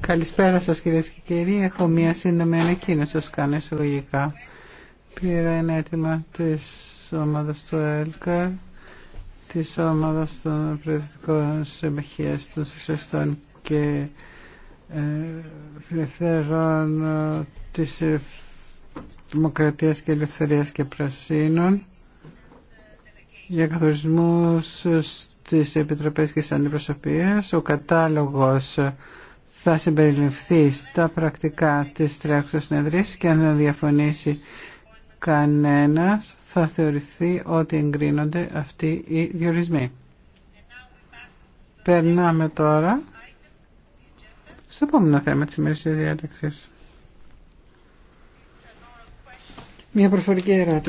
Καλησπέρα σας κυρίες και κύριοι. Έχω μία σύντομη ανακοίνωση σας κάνω εισαγωγικά. Πήρα ένα αίτημα της ομάδας του ΕΛΚΑ, της ομάδας των προεδρικών συμμαχίας των σωστών. και ελευθερών ε, της Δημοκρατίας και Ελευθερίας και Πρασίνων για καθορισμούς της επιτροπές και στις αντιπροσωπείες. Ο κατάλογος θα συμπεριληφθεί στα πρακτικά της τρέχουσας συνεδρίας και αν δεν διαφωνήσει κανένας θα θεωρηθεί ότι εγκρίνονται αυτοί οι διορισμοί. Περνάμε τώρα στο επόμενο θέμα της ημέρας της διάταξης. Μια προφορική ερώτηση.